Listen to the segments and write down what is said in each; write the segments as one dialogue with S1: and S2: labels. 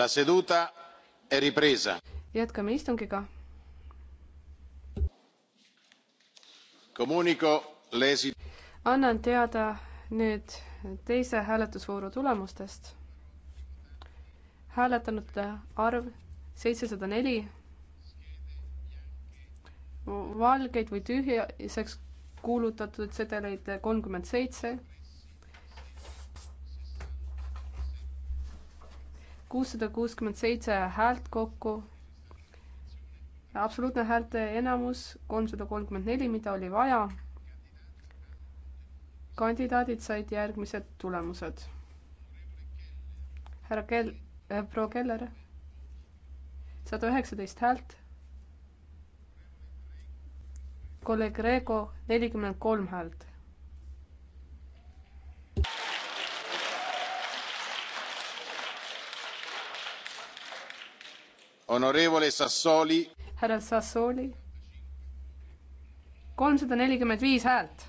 S1: La seduta è ripresa.
S2: Jätkame istungiga.
S1: Comunico lesi.
S2: Annan teada nüüd teise hääletusvooru tulemustest. Hääletanute arv 704. Valgeid või tühjaseks kuulutatud sedeleid 37 kuussada kuuskümmend seitse häält kokku. absoluutne häälte enamus kolmsada kolmkümmend neli, mida oli vaja. kandidaadid said järgmised tulemused. härra Kell- äh,, proua Keller, sada üheksateist häält. kolleeg Rego, nelikümmend kolm häält.
S1: onorevole Sassoli.
S2: härra Sassoli. kolmsada nelikümmend viis häält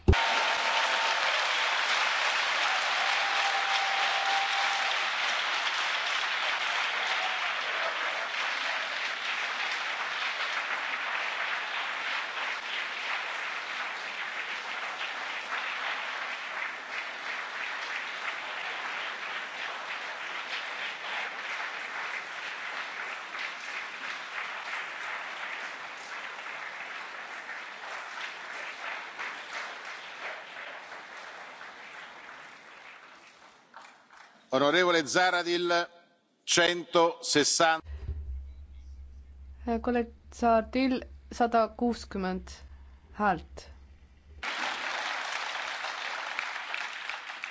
S1: onorevole Zahradil centosessanta.
S2: kolleeg Zahradil sada kuuskümmend häält.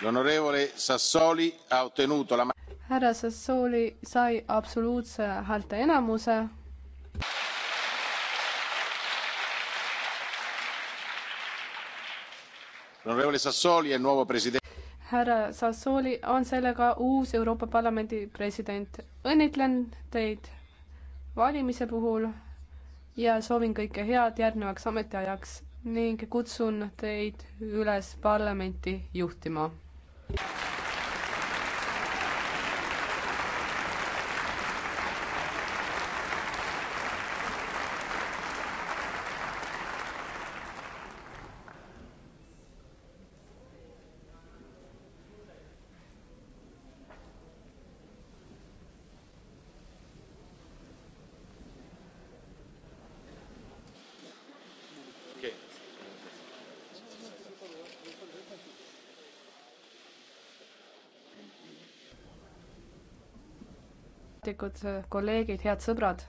S1: L'onorevole Sassoli ha ottenuto la
S2: härra Sassoli sai absoluutse häälteenamuse.
S1: L'onorevole Sassoli è il nuovo presidente
S2: härra Sassoli on sellega uus Euroopa Parlamendi president. õnnitlen teid valimise puhul ja soovin kõike head järgnevaks ametiajaks ning kutsun teid üles parlamenti juhtima. saadikud, kolleegid, head sõbrad,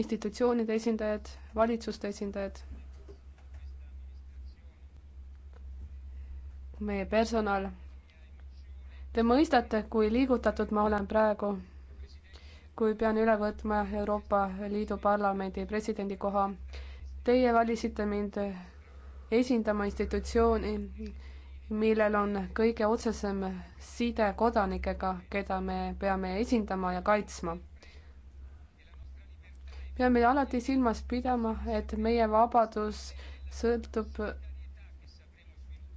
S2: institutsioonide esindajad, valitsuste esindajad, meie personal. Te mõistate, kui liigutatud ma olen praegu, kui pean üle võtma Euroopa Liidu Parlamendi presidendi koha. Teie valisite mind esindama institutsiooni, millel on kõige otsesem side kodanikega, keda me peame esindama ja kaitsma. peame alati silmas pidama, et meie vabadus sõltub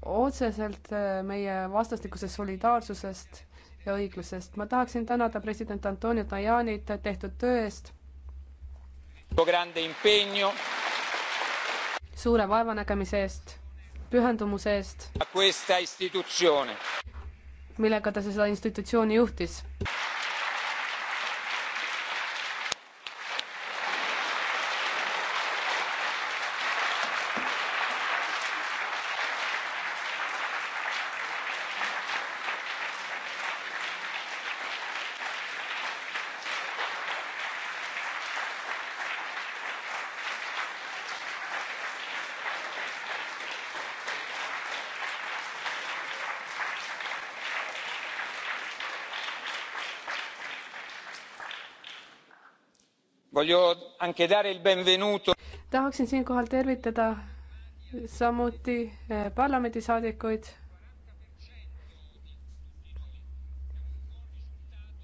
S2: otseselt äh, meie vastastikusest solidaarsusest ja õiglusest. ma tahaksin tänada president Antonio Tajanit tehtud töö eest. suure vaevanägemise eest pühendumuse eest, millega ta seda institutsiooni juhtis. tahaksin siinkohal tervitada samuti eh, parlamendisaadikuid,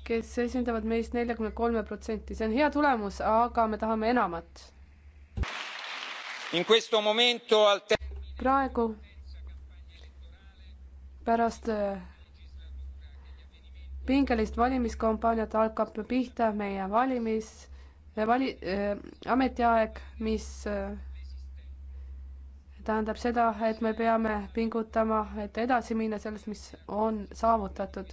S2: kes esindavad meist neljakümne kolme protsenti, see on hea tulemus, aga me tahame enamat. praegu pärast eh, pingelist valimiskampaaniat hakkab pihta meie valimis Äh, vali- äh,, ametiaeg, mis äh, tähendab seda, et me peame pingutama, et edasi minna sellest, mis on saavutatud.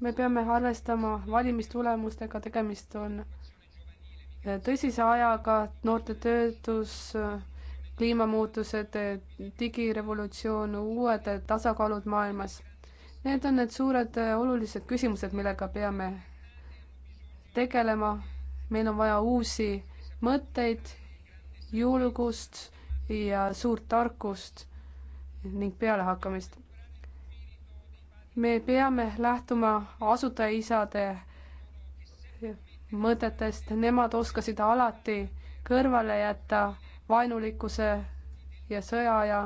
S2: me peame arvestama valimistulemustega, tegemist on äh, tõsise ajaga, noorte töötus, äh, kliimamuutused, digirevolutsioon, uued tasakaalud maailmas. Need on need suured olulised küsimused, millega peame tegelema, meil on vaja uusi mõtteid, julgust ja suurt tarkust ning pealehakkamist. me peame lähtuma asutajaisade mõtetest, nemad oskasid alati kõrvale jätta vaenulikkuse ja sõjaaja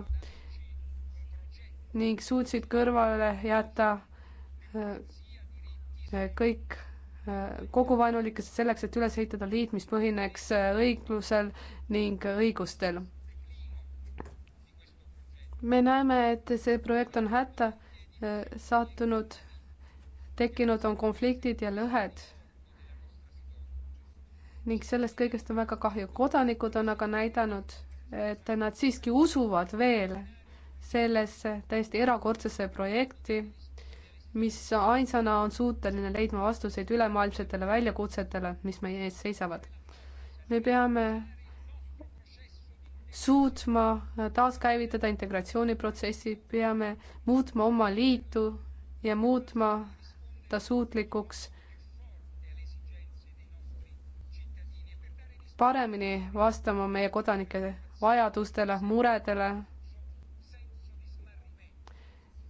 S2: ning suutsid kõrvale jätta äh, kõik koguvaenulikest selleks, et üles ehitada liit, mis põhineks äh, õiglusel ning õigustel. me näeme, et see projekt on hätta äh, sattunud, tekkinud on konfliktid ja lõhed. ning sellest kõigest on väga kahju. kodanikud on aga näidanud, et nad siiski usuvad veel sellesse täiesti erakordsesse projekti mis ainsana on suuteline leidma vastuseid ülemaailmsetele väljakutsetele, mis meie ees seisavad. me peame suutma taaskäivitada integratsiooniprotsessi, peame muutma oma liitu ja muutma ta suutlikuks paremini vastama meie kodanike vajadustele, muredele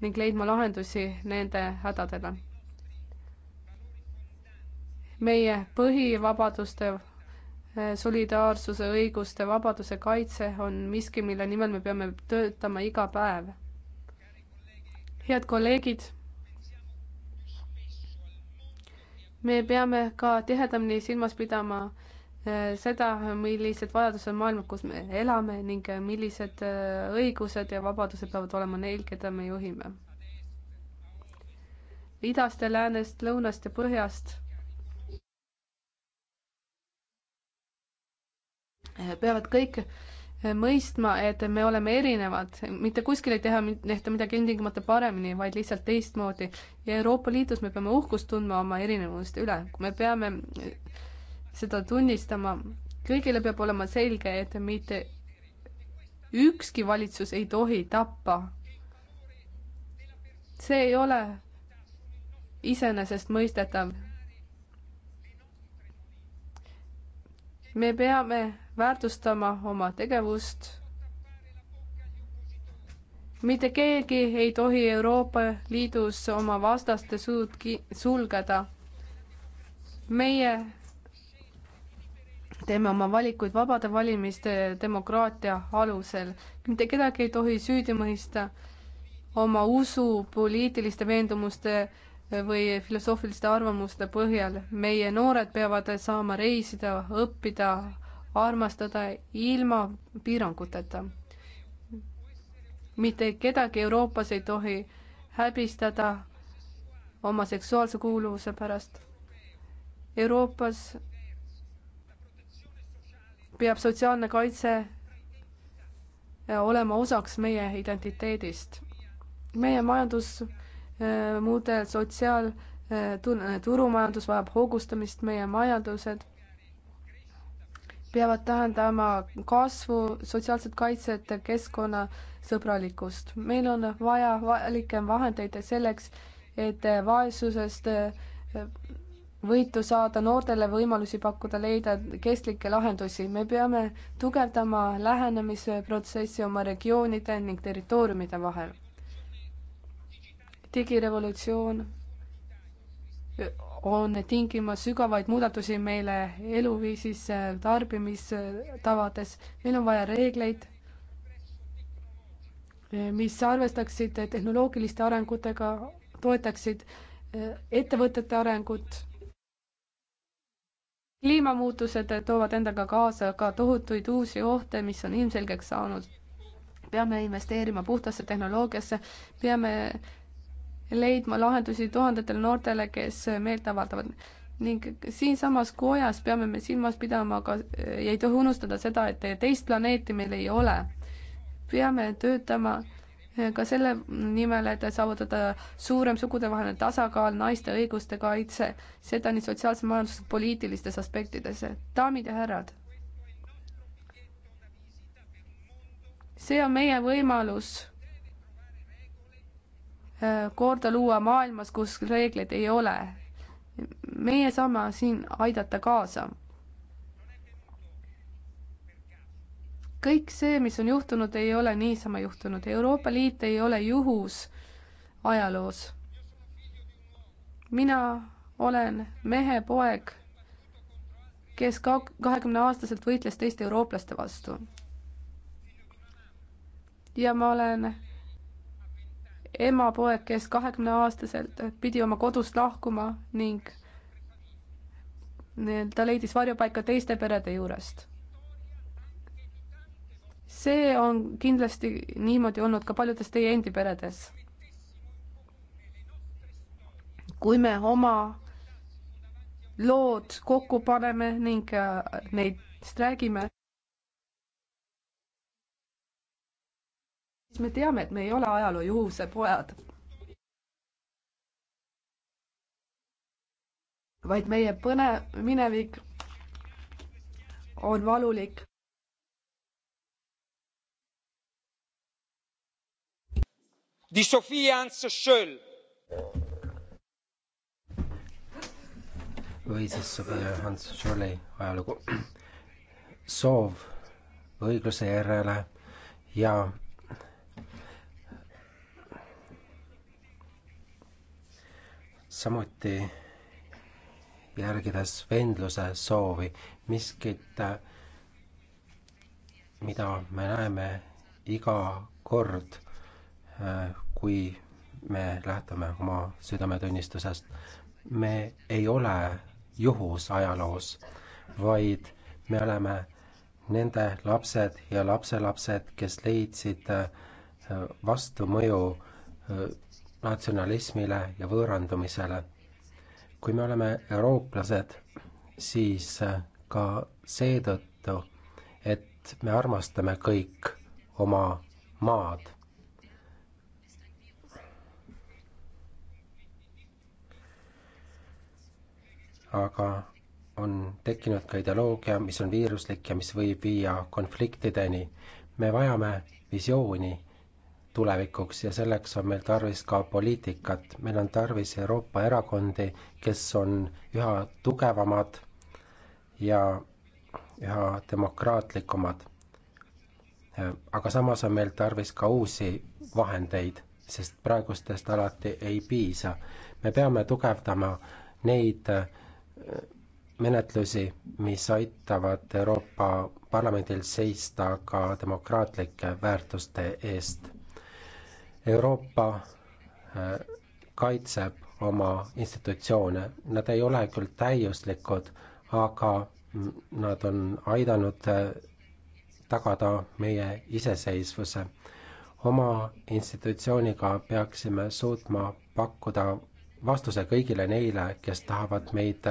S2: ning leidma lahendusi nende hädadele. meie põhivabaduste, eh, solidaarsuse, õiguste, vabaduse kaitse on miski, mille nimel me peame töötama iga päev. head kolleegid, me peame ka tihedamini silmas pidama seda, millised vajadused on maailma, kus me elame ning millised äh, õigused ja vabadused peavad olema neil, keda me juhime. idast ja läänest, lõunast ja põhjast peavad kõik mõistma, et me oleme erinevad, mitte kuskil ei teha, tehta midagi ilmtingimata paremini, vaid lihtsalt teistmoodi. ja Euroopa Liidus me peame uhkust tundma oma erinevuste üle, me peame seda tunnistama. kõigile peab olema selge, et mitte ükski valitsus ei tohi tappa. see ei ole iseenesestmõistetav. me peame väärtustama oma tegevust. mitte keegi ei tohi Euroopa Liidus oma vastaste suud sulgeda. meie teeme oma valikuid vabade valimiste demokraatia alusel. mitte kedagi ei tohi süüdi mõista oma usu, poliitiliste veendumuste või filosoofiliste arvamuste põhjal. meie noored peavad saama reisida, õppida, armastada ilma piiranguteta. mitte kedagi Euroopas ei tohi häbistada oma seksuaalse kuuluvuse pärast. Euroopas peab sotsiaalne kaitse äh, olema osaks meie identiteedist. meie majandusmudel, äh, sotsiaal, äh, turumajandus vajab hoogustamist, meie majandused peavad tähendama kasvu, sotsiaalset kaitset, keskkonnasõbralikkust. meil on vaja vajalikke vahendeid selleks, et vaesusest võitu saada, noortele võimalusi pakkuda, leida kestlikke lahendusi. me peame tugevdama lähenemisprotsessi oma regioonide ning territooriumide vahel. digirevolutsioon on tingimas sügavaid muudatusi meile eluviisis, tarbimistavades. meil on vaja reegleid, mis arvestaksid tehnoloogiliste arengutega, toetaksid ettevõtete arengut kliimamuutused toovad endaga kaasa ka tohutuid uusi ohte, mis on ilmselgeks saanud. peame investeerima puhtasse tehnoloogiasse, peame leidma lahendusi tuhandetele noortele, kes meelt avaldavad ning siinsamas kojas peame me silmas pidama ka, ei tohi unustada seda, et teist planeeti meil ei ole. peame töötama ka selle nimel, et saavutada suurem sugudevaheline tasakaal, naiste õiguste kaitse, seda nii sotsiaalses, majanduslikus, poliitilistes aspektides. daamid ja härrad, see on meie võimalus äh, korda luua maailmas, kus reegleid ei ole. meie saame siin aidata kaasa kõik see, mis on juhtunud, ei ole niisama juhtunud. Euroopa Liit ei ole juhus ajaloos. mina olen mehe poeg, kes ka kahekümne aastaselt võitles teiste eurooplaste vastu. ja ma olen ema poeg, kes kahekümne aastaselt pidi oma kodust lahkuma ning ta leidis varjupaika teiste perede juurest see on kindlasti niimoodi olnud ka paljudes teie endi peredes. kui me oma lood kokku paneme ning äh, neist räägime, siis me teame, et me ei ole ajaloo juhuse pojad. vaid meie põnev minevik on valulik
S1: di sophia ernst schll
S3: või siis äh, Hans Scholli ajalugu. soov õigluse järele ja samuti järgides vendluse soovi, miskit, äh, mida me näeme iga kord kui me lähtume oma südametunnistusest. me ei ole juhus ajaloos, vaid me oleme nende lapsed ja lapselapsed, kes leidsid äh, vastumõju äh, natsionalismile ja võõrandumisele. kui me oleme eurooplased, siis äh, ka seetõttu, et me armastame kõik oma maad aga on tekkinud ka ideoloogia, mis on viiruslik ja mis võib viia konfliktideni. me vajame visiooni tulevikuks ja selleks on meil tarvis ka poliitikat. meil on tarvis Euroopa erakondi, kes on üha tugevamad ja üha demokraatlikumad. aga samas on meil tarvis ka uusi vahendeid, sest praegustest alati ei piisa. me peame tugevdama neid menetlusi, mis aitavad Euroopa Parlamendil seista ka demokraatlike väärtuste eest. Euroopa äh, kaitseb oma institutsioone, nad ei ole küll täiuslikud, aga nad on aidanud äh, tagada meie iseseisvuse. oma institutsiooniga peaksime suutma pakkuda vastuse kõigile neile, kes tahavad meid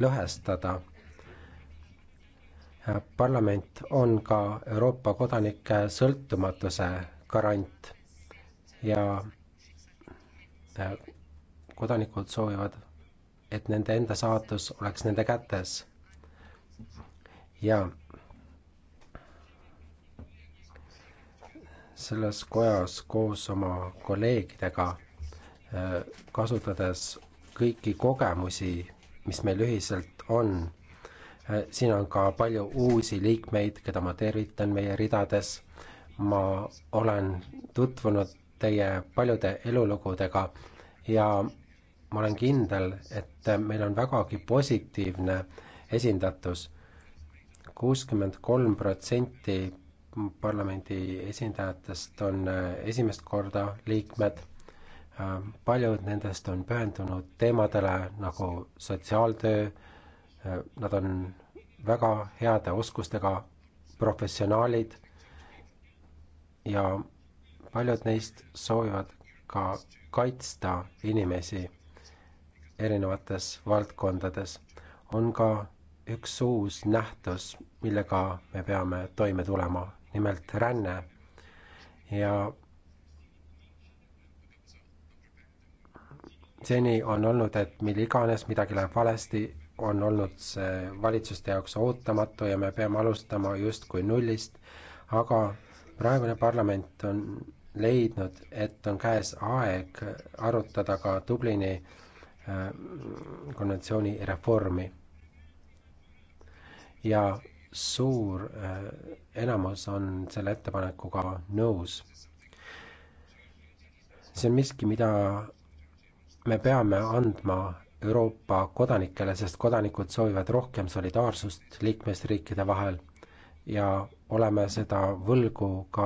S3: lõhestada. parlament on ka Euroopa kodanike sõltumatuse garant ja äh, kodanikud soovivad, et nende enda saatus oleks nende kätes. ja selles kojas koos oma kolleegidega kasutades kõiki kogemusi, mis meil ühiselt on. siin on ka palju uusi liikmeid, keda ma tervitan meie ridades. ma olen tutvunud teie paljude elulugudega ja ma olen kindel, et meil on vägagi positiivne esindatus. kuuskümmend kolm protsenti parlamendi esindajatest on esimest korda liikmed Ähm, paljud nendest on pühendunud teemadele nagu sotsiaaltöö, äh, nad on väga heade oskustega professionaalid ja paljud neist soovivad ka kaitsta inimesi erinevates valdkondades. on ka üks uus nähtus, millega me peame toime tulema, nimelt ränne. ja seni on olnud, et mil iganes midagi läheb valesti, on olnud see valitsuste jaoks ootamatu ja me peame alustama justkui nullist, aga praegune parlament on leidnud, et on käes aeg arutada ka Dublini äh, konventsiooni reformi. ja suur äh, enamus on selle ettepanekuga nõus. see on miski, mida me peame andma Euroopa kodanikele, sest kodanikud soovivad rohkem solidaarsust liikmesriikide vahel ja oleme seda võlgu ka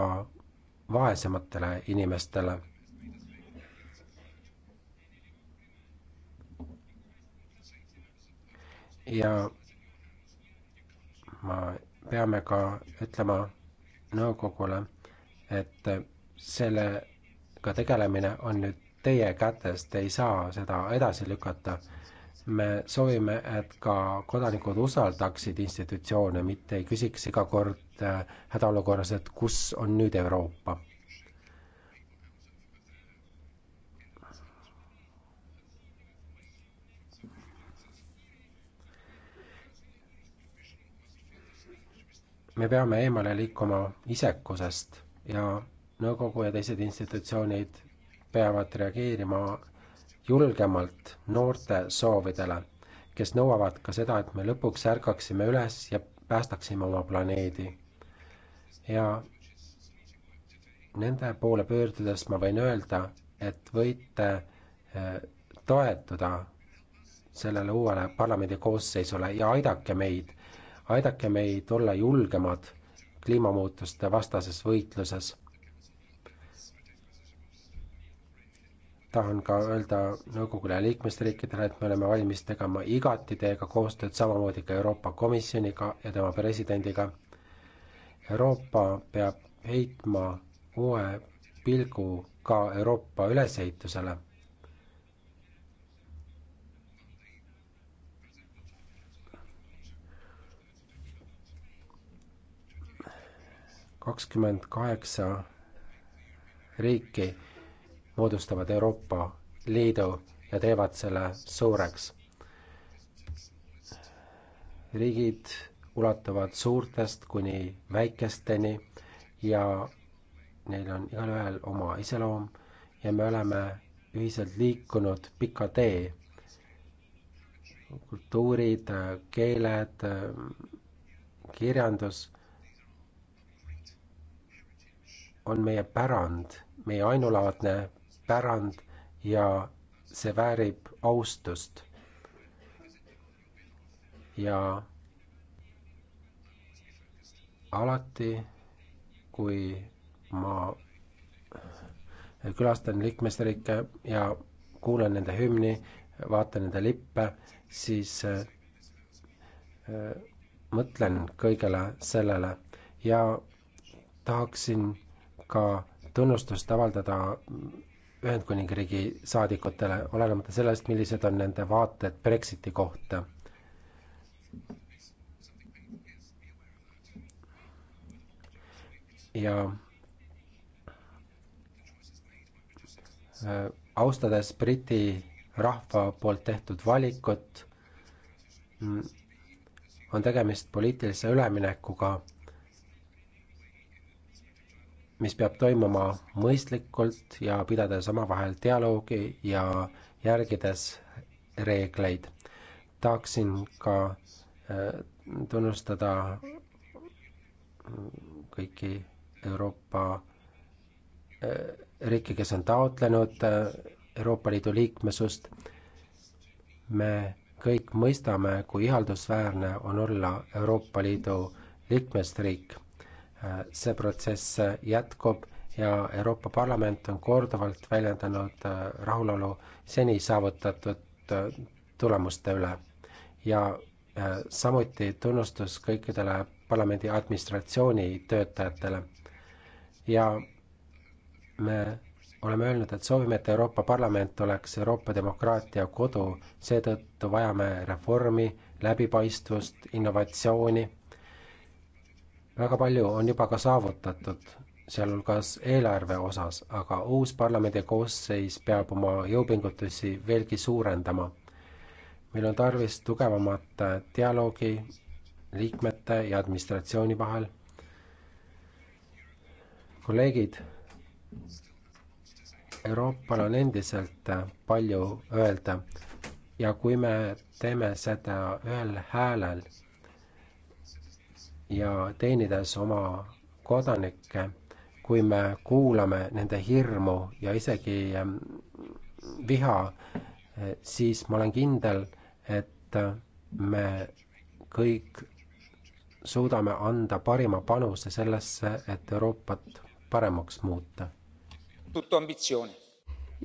S3: vaesematele inimestele ja ma peame ka ütlema nõukogule, et sellega tegelemine on nüüd teie kätest, ei saa seda edasi lükata. me soovime, et ka kodanikud usaldaksid institutsioone, mitte ei küsiks iga kord äh, hädaolukorras, et kus on nüüd Euroopa. me peame eemale liikuma isekusest ja nõukogu ja teised institutsioonid peavad reageerima julgemalt noorte soovidele, kes nõuavad ka seda, et me lõpuks ärkaksime üles ja päästaksime oma planeedi. ja nende poole pöördudes ma võin öelda, et võite eh, toetuda sellele uuele parlamendi koosseisule ja aidake meid, aidake meid olla julgemad kliimamuutuste vastases võitluses tahan ka öelda nõukogule ja liikmesriikidele, et me oleme valmis tegema igati teiega koostööd, samamoodi ka Euroopa Komisjoniga ja tema presidendiga. Euroopa peab heitma uue pilgu ka Euroopa ülesehitusele. kakskümmend kaheksa riiki moodustavad Euroopa Liidu ja teevad selle suureks. riigid ulatuvad suurtest kuni väikesteni ja neil on igalühel oma iseloom ja me oleme ühiselt liikunud pika tee. kultuurid, keeled, kirjandus on meie pärand, meie ainulaadne pärand ja see väärib austust. ja alati, kui ma külastan liikmesriike ja kuulen nende hümni, vaatan nende lippe, siis äh, mõtlen kõigele sellele ja tahaksin ka tunnustust avaldada Ühendkuningriigi saadikutele, olenemata sellest, millised on nende vaated Brexiti kohta. ja äh, austades Briti rahva poolt tehtud valikut, mm, on tegemist poliitilise üleminekuga mis peab toimuma mõistlikult ja pidades omavahel dialoogi ja järgides reegleid. tahaksin ka äh, tunnustada kõiki Euroopa äh, riike, kes on taotlenud äh, Euroopa Liidu liikmesust. me kõik mõistame, kui ihaldusväärne on olla Euroopa Liidu liikmesriik Äh, see protsess äh, jätkub ja Euroopa Parlament on korduvalt väljendanud äh, rahulolu seni saavutatud tulemuste üle ja samuti tunnustus kõikidele parlamendi administratsiooni töötajatele. ja me oleme öelnud, et soovime, et Euroopa Parlament oleks Euroopa demokraatia kodu, seetõttu vajame reformi, läbipaistvust, innovatsiooni väga palju on juba ka saavutatud, sealhulgas eelarve osas, aga uus parlamendi koosseis peab oma jõupingutusi veelgi suurendama. meil on tarvis tugevamat dialoogi liikmete ja administratsiooni vahel. kolleegid, Euroopal on endiselt palju öelda ja kui me teeme seda ühel häälel ja teenides oma kodanikke, kui me kuulame nende hirmu ja isegi ähm, viha, äh, siis ma olen kindel, et äh, me kõik suudame anda parima panuse sellesse, et Euroopat paremaks
S1: muuta.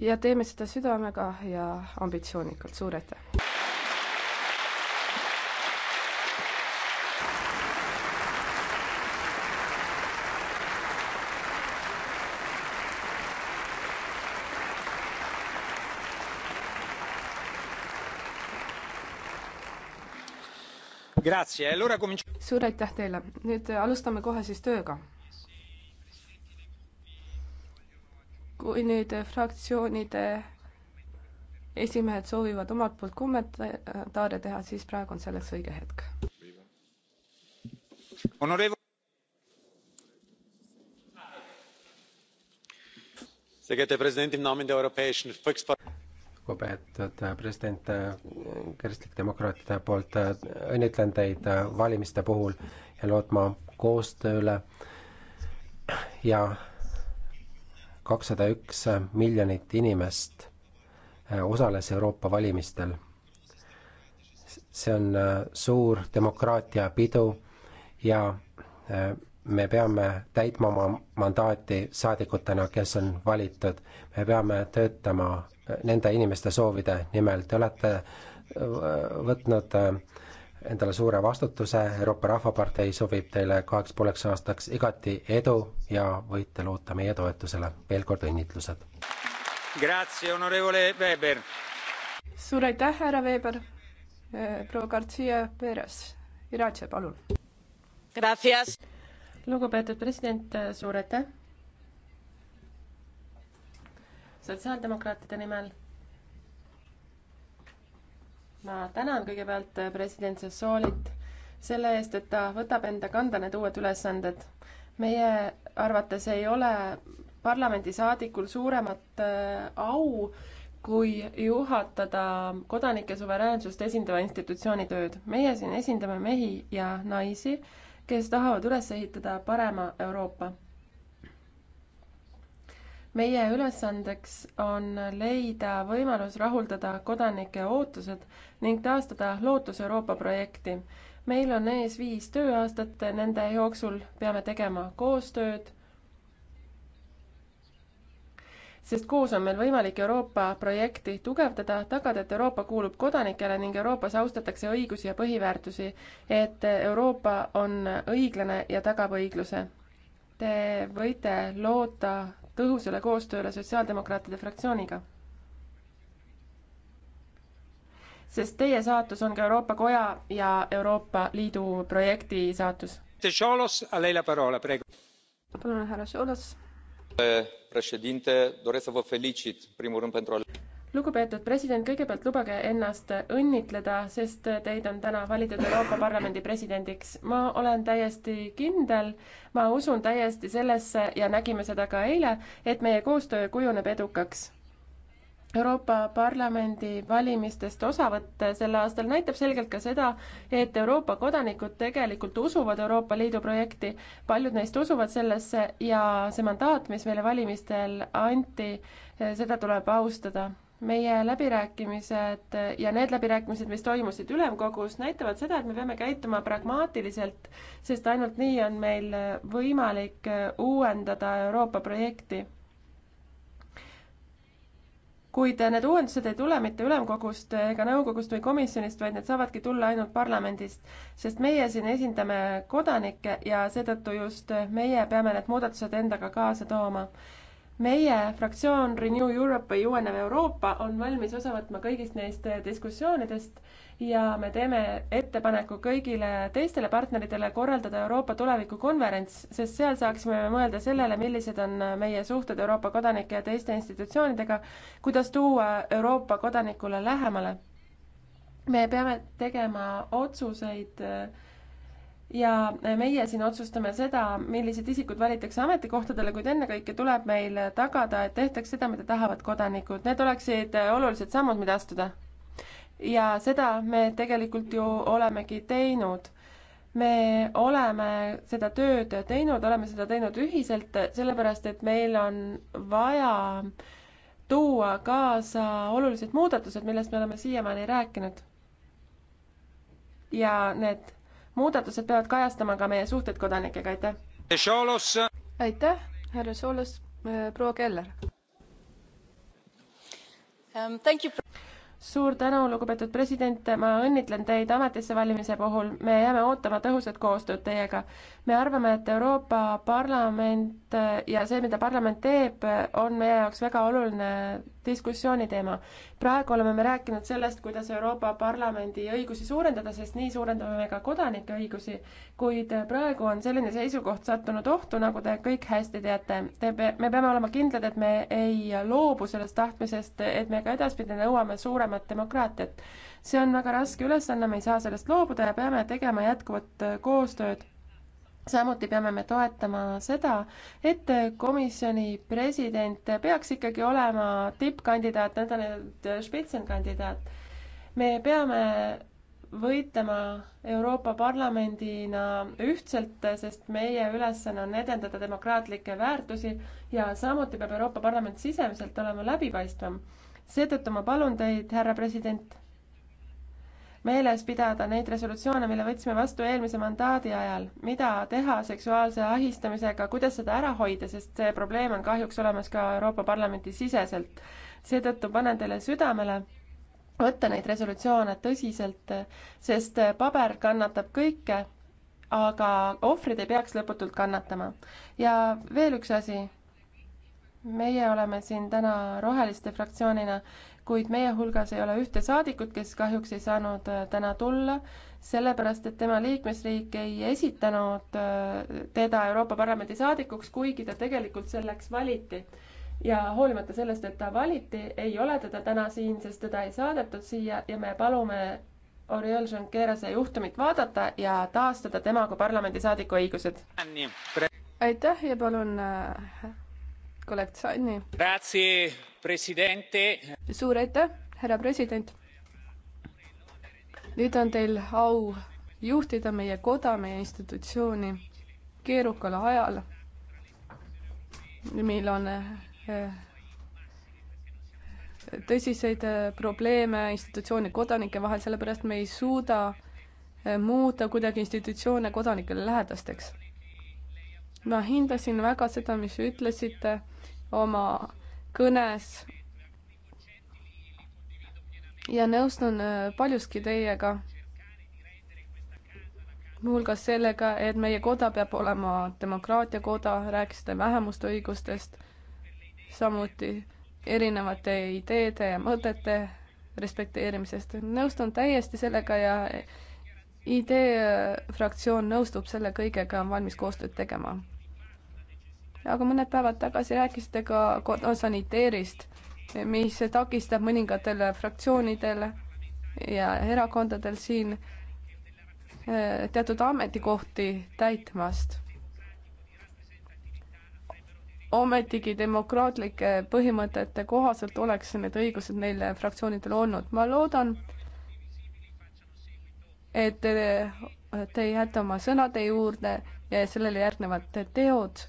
S2: ja teeme seda südamega ja ambitsioonikalt, suur aitäh! suur aitäh teile, nüüd äh, alustame kohe siis tööga. kui nüüd äh, fraktsioonide esimehed soovivad omalt poolt kommentaare teha, siis praegu on selleks õige hetk.
S3: sehr geehrter herr präsident im namen der europäischen volkspartei!
S1: lugupeetud
S3: president äh, Kristlike Demokraatide poolt, äh, õnnitlen teid äh, valimiste puhul ja lootma koostööle ja kakssada üks miljonit inimest osales Euroopa valimistel. see on suur demokraatia pidu ja me peame täitma oma mandaati saadikutena, kes on valitud. me peame töötama nende inimeste soovide nimel. Te olete äh, võtnud äh, endale suure vastutuse, Euroopa Rahvapartei soovib teile kaheks pooleks aastaks igati edu ja võite loota meie toetusele. veel kord õnnitlused.
S2: suur aitäh, härra Weber. Äh, proua Garcia Perez, Iraatse, palun. Gracias lugupeetud president, suur aitäh!
S4: sotsiaaldemokraatide nimel ma tänan kõigepealt president Sassoolit selle eest, et ta võtab enda kanda need uued ülesanded. meie arvates ei ole parlamendisaadikul suuremat äh, au kui juhatada kodanike suveräänsust esindava institutsiooni tööd. meie siin esindame mehi ja naisi kes tahavad üles ehitada parema Euroopa. meie ülesandeks on leida võimalus rahuldada kodanike ootused ning taastada lootus Euroopa projekti. meil on ees viis tööaastat, nende jooksul peame tegema koostööd sest koos on meil võimalik Euroopa projekti tugevdada, tagada, et Euroopa kuulub kodanikele ning Euroopas austatakse õigusi ja põhiväärtusi, et Euroopa on õiglane ja tagab õigluse. Te võite loota tõhusale koostööle Sotsiaaldemokraatide fraktsiooniga sest teie saatus on ka Euroopa Koja ja Euroopa Liidu
S1: projekti
S4: saatus. palun, härra Šolos
S1: domnule președinte doresc să vă felicit în primul rând pentru.
S4: lugupeetud president kõigepealt lubage ennast õnnitleda sest teid on täna valitud euroopa parlamendi presidendiks. ma olen täiesti kindel ma usun täiesti sellesse ja nägime seda ka eile et meie koostöö kujuneb edukaks Euroopa Parlamendi valimistest osa võtta sel aastal näitab selgelt ka seda, et Euroopa kodanikud tegelikult usuvad Euroopa Liidu projekti, paljud neist usuvad sellesse ja see mandaat, mis meile valimistel anti, seda tuleb austada. meie läbirääkimised ja need läbirääkimised, mis toimusid ülemkogus, näitavad seda, et me peame käituma pragmaatiliselt, sest ainult nii on meil võimalik uuendada Euroopa projekti kuid need uuendused ei tule mitte ülemkogust ega nõukogust või komisjonist, vaid need saavadki tulla ainult parlamendist, sest meie siin esindame kodanikke ja seetõttu just meie peame need muudatused endaga kaasa tooma. meie fraktsioon Renew Europe või UNM Euroopa on valmis osa võtma kõigist neist diskussioonidest ja me teeme ettepaneku kõigile teistele partneritele korraldada Euroopa tulevikukonverents, sest seal saaksime me mõelda sellele, millised on meie suhted Euroopa kodanike ja teiste institutsioonidega, kuidas tuua Euroopa kodanikule lähemale. me peame tegema otsuseid ja meie siin otsustame seda, millised isikud valitakse ametikohtadele, kuid ennekõike tuleb meil tagada, et tehtaks seda, mida tahavad kodanikud. Need oleksid olulised sammud, mida astuda ja seda me tegelikult ju olemegi teinud. me oleme seda tööd teinud, oleme seda teinud ühiselt, sellepärast et meil on vaja tuua kaasa olulised muudatused, millest me oleme siiamaani rääkinud. ja need muudatused peavad kajastama ka meie suhted kodanikega, aitäh! aitäh, härra Soolas, proua Keller! Um, suur tänu, lugupeetud president, ma õnnitlen teid ametisse valimise puhul, me jääme ootama tõhusat koostööd teiega. me arvame, et Euroopa Parlament ja see, mida parlament teeb, on meie jaoks väga oluline diskussiooni teema. praegu oleme me rääkinud sellest, kuidas Euroopa Parlamendi õigusi suurendada, sest nii suurendame me ka kodanike õigusi, kuid praegu on selline seisukoht sattunud ohtu, nagu te kõik hästi teate. Te, me peame olema kindlad, et me ei loobu sellest tahtmisest, et me ka edaspidi nõuame suuremat suuremat demokraatiat. see on väga raske ülesanne, me ei saa sellest loobuda ja peame tegema jätkuvat äh, koostööd samuti peame me toetama seda, et komisjoni president peaks ikkagi olema tippkandidaat, nõndanimetatud äh, spitsenkandidaat. me peame võitlema Euroopa Parlamendina ühtselt, äh, sest meie ülesanne on edendada demokraatlikke väärtusi ja samuti peab Euroopa Parlament sisemiselt olema läbipaistvam seetõttu ma palun teid, härra president, meeles pidada neid resolutsioone, mille võtsime vastu eelmise mandaadi ajal, mida teha seksuaalse ahistamisega, kuidas seda ära hoida, sest see probleem on kahjuks olemas ka Euroopa Parlamendi siseselt. seetõttu panen teile südamele võtta neid resolutsioone tõsiselt, sest paber kannatab kõike, aga ohvrid ei peaks lõputult kannatama. ja veel üks asi meie oleme siin täna Roheliste fraktsioonina, kuid meie hulgas ei ole ühte saadikut, kes kahjuks ei saanud äh, täna tulla, sellepärast et tema liikmesriik ei esitanud äh, teda Euroopa Parlamendi saadikuks, kuigi ta tegelikult selleks valiti. ja hoolimata sellest, et ta valiti, ei ole teda täna siin, sest teda ei saadetud siia ja me palume Oriol Junquerase juhtumit vaadata ja taastada tema
S2: kui parlamendisaadiku õigused. aitäh ja palun äh, kolleeg Tsanni. suur aitäh, härra president. nüüd on teil au juhtida meie koda, meie institutsiooni keerukal ajal, mil on eh, tõsiseid eh, probleeme institutsiooni kodanike vahel, sellepärast me ei suuda eh, muuta kuidagi institutsioone kodanikele lähedasteks ma hindasin väga seda, mis ütlesite oma kõnes. ja nõustun äh, paljuski teiega. muuhulgas sellega, et meie koda peab olema demokraatia koda, rääkisite vähemuste õigustest, samuti erinevate ideede ja mõtete respekteerimisest. nõustun täiesti sellega ja idee äh, fraktsioon nõustub selle kõigega, on valmis koostööd tegema aga mõned päevad tagasi rääkisite ka saniteerist, mis takistab mõningatel fraktsioonidel ja erakondadel siin eh, teatud ametikohti täitmast. ometigi demokraatlike põhimõtete kohaselt oleks need õigused neil fraktsioonidel olnud. ma loodan, et te, te ei jäta oma sõnade juurde ja sellele järgnevad teod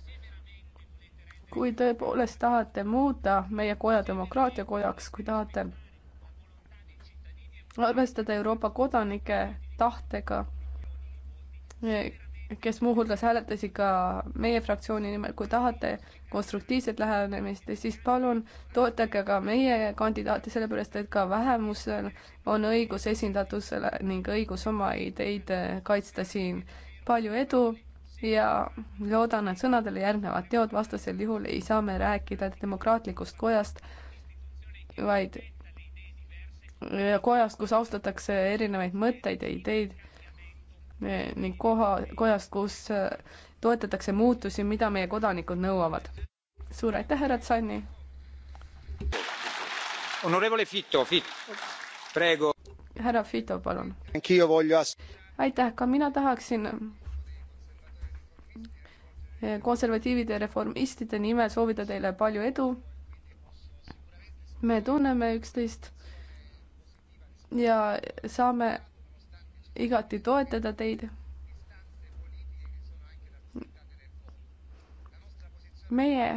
S2: kui tõepoolest tahate muuta meie koja demokraatiakojaks, kui tahate arvestada Euroopa kodanike tahtega, kes muuhulgas hääletasid ka meie fraktsiooni nimel, kui tahate konstruktiivset lähenemist, siis palun toetage ka meie kandidaati, sellepärast et ka vähemusel on õigus esindatusele ning õigus oma ideid kaitsta siin. palju edu ja loodan, et sõnadele järgnevad teod, vastasel juhul ei saa me rääkida demokraatlikust kojast, vaid kojast, kus austatakse erinevaid mõtteid ja ideid e, ning koha, kojast, kus e, toetatakse muutusi, mida meie kodanikud nõuavad. suur aitäh, härra Tsanni! härra Fito, palun! aitäh, ka mina tahaksin konservatiivide ja reformistide nimel soovida teile palju edu. me tunneme üksteist ja saame igati toetada teid. meie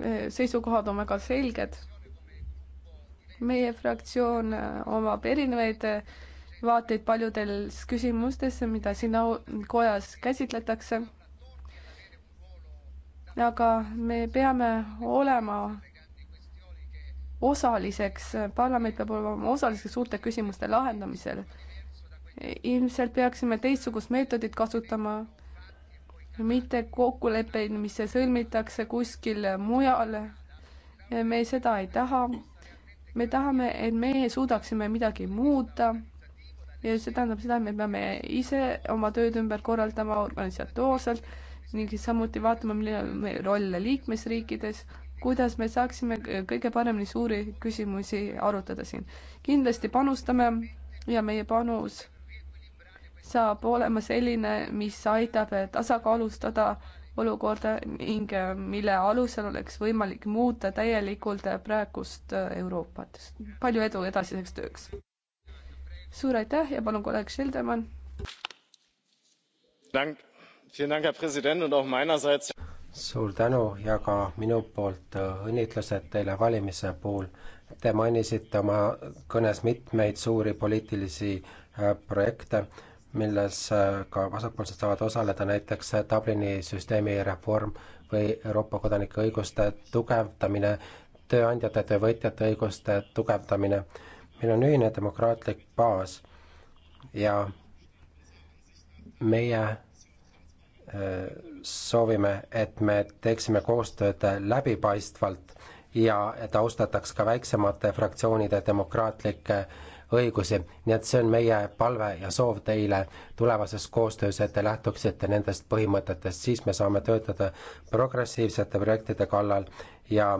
S2: eh, seisukohad on väga selged. meie fraktsioon eh, omab erinevaid eh, vaateid paljudes küsimustes, mida siin kojas käsitletakse aga me peame olema osaliseks, parlament peab olema osaliseks suurte küsimuste lahendamisel. ilmselt peaksime teistsugust meetodit kasutama, mitte kokkuleppeid, mis sõlmitakse kuskil mujal. me seda ei taha. me tahame, et meie suudaksime midagi muuta. ja see tähendab seda, et me peame ise oma tööd ümber korraldama organisatoorselt ning samuti vaatama, milline on meie roll liikmesriikides, kuidas me saaksime kõige paremini suuri küsimusi arutada siin. kindlasti panustame ja meie panus saab olema selline, mis aitab tasakaalustada olukorda ning mille alusel oleks võimalik muuta täielikult praegust Euroopat. palju edu edasiseks tööks! suur aitäh ja palun kolleeg Schildemann!
S1: herr präsident und auch meinerseits.
S3: suur tänu ja ka minu poolt äh, õnnitlused teile valimise puhul. Te mainisite oma kõnes mitmeid suuri poliitilisi äh, projekte, milles äh, ka vasakpoolsed saavad osaleda, näiteks Dublini süsteemi reform või Euroopa kodanike õiguste tugevdamine, tööandjate, töövõtjate õiguste tugevdamine. meil on ühine demokraatlik baas ja meie soovime, et me teeksime koostööd läbipaistvalt ja et austataks ka väiksemate fraktsioonide demokraatlikke õigusi, nii et see on meie palve ja soov teile tulevases koostöös, et te lähtuksite nendest põhimõtetest, siis me saame töötada progressiivsete projektide kallal ja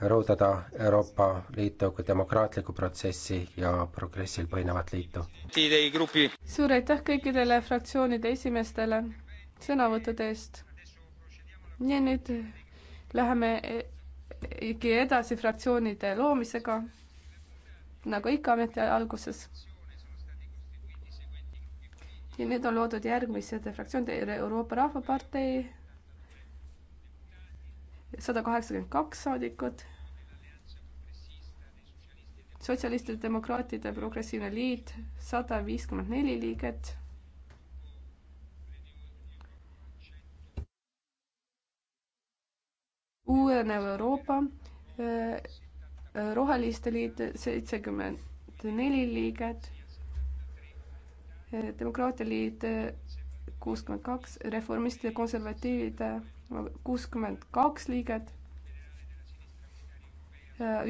S3: rõhutada Euroopa Liitu kui demokraatlikku protsessi ja progressil põhinevat liitu.
S2: suur aitäh kõikidele fraktsioonide esimeestele sõnavõttude eest. ja nüüd läheme ikkagi e-, e-, edasi fraktsioonide loomisega, nagu ikka ametiaja alguses. ja nüüd on loodud järgmised fraktsioonid, Euroopa Rahvapartei, sada kaheksakümmend kaks saadikut, sotsialistide, demokraatide, progressiivne liit, sada viiskümmend neli liiget uuenev Euroopa, äh, äh, Roheliste Liit seitsekümmend neli liiget, äh, Demokraatia Liit kuuskümmend kaks, Reformistide Konservatiivide kuuskümmend kaks liiget,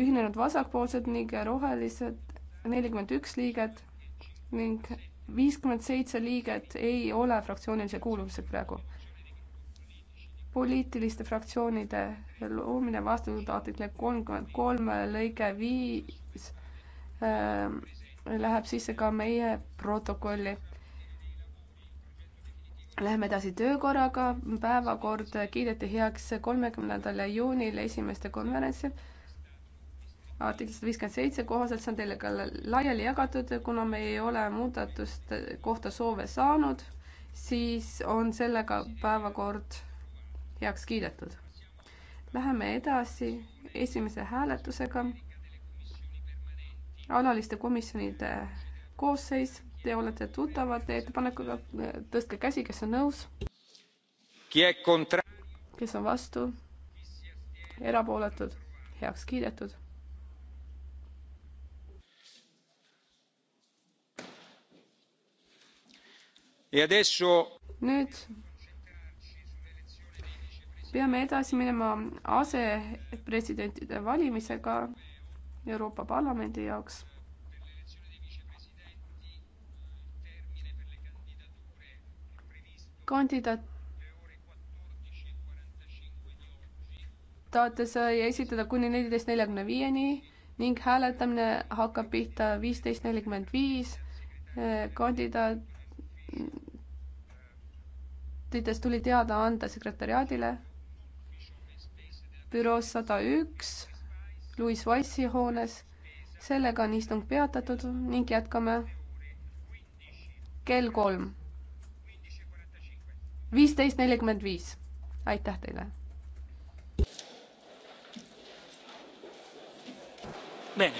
S2: Ühinenud Vasakpoolsed ning Rohelised nelikümmend üks liiget ning viiskümmend seitse liiget ei ole fraktsioonilise kuuluvusega praegu poliitiliste fraktsioonide loomine vastavalt artikli kolmkümmend kolm lõige viis ähm, läheb sisse ka meie protokolli. Läheme edasi töökorraga, päevakord kiideti heaks kolmekümnendal juunil esimeste konverentsil artiklist viiskümmend seitse kohaselt, see on teile ka laiali jagatud, kuna me ei ole muudatuste kohta soove saanud, siis on sellega päevakord heaks kiidetud. Läheme edasi esimese hääletusega. alaliste komisjonide koosseis, te olete tuttavad ettepanekuga, tõstke käsi, kes on nõus. kes on vastu? erapooletud, heaks kiidetud e nüüd peame edasi minema asepresidentide valimisega Euroopa Parlamendi jaoks. kandidaate sai esitada kuni neliteist neljakümne viieni ning hääletamine hakkab pihta viisteist nelikümmend viis. kandidaat tüdest tuli teada anda sekretäriaadile büroos sada üks Louis Wise'i hoones. sellega on istung peatatud ning jätkame kell kolm. viisteist nelikümmend viis. aitäh teile.
S5: Bene.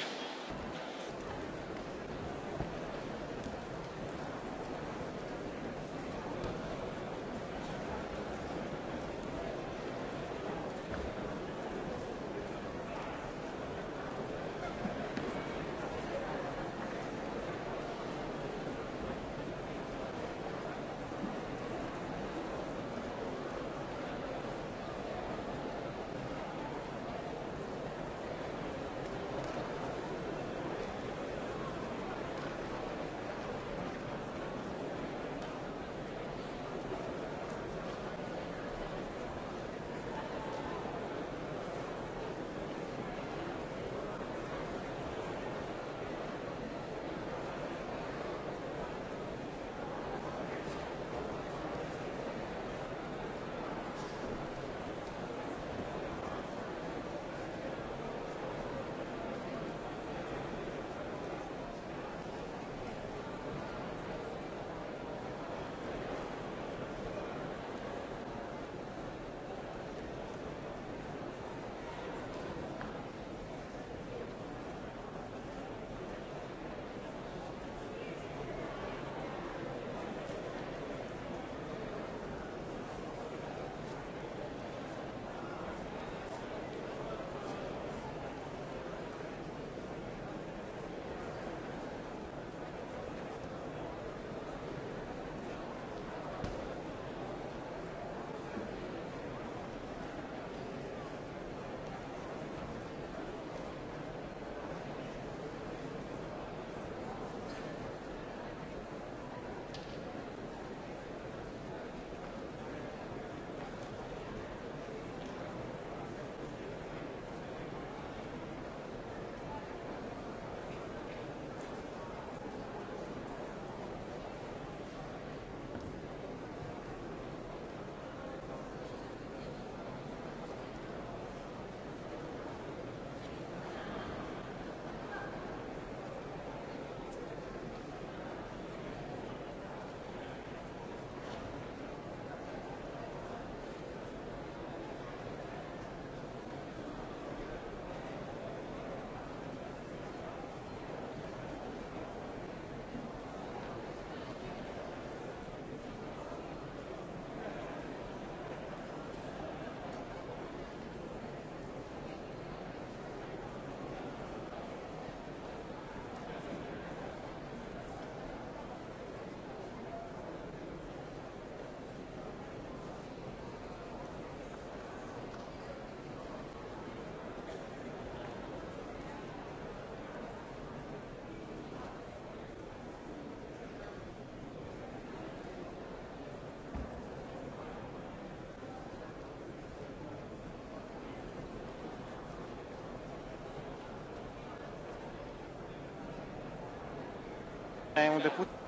S1: unde putem.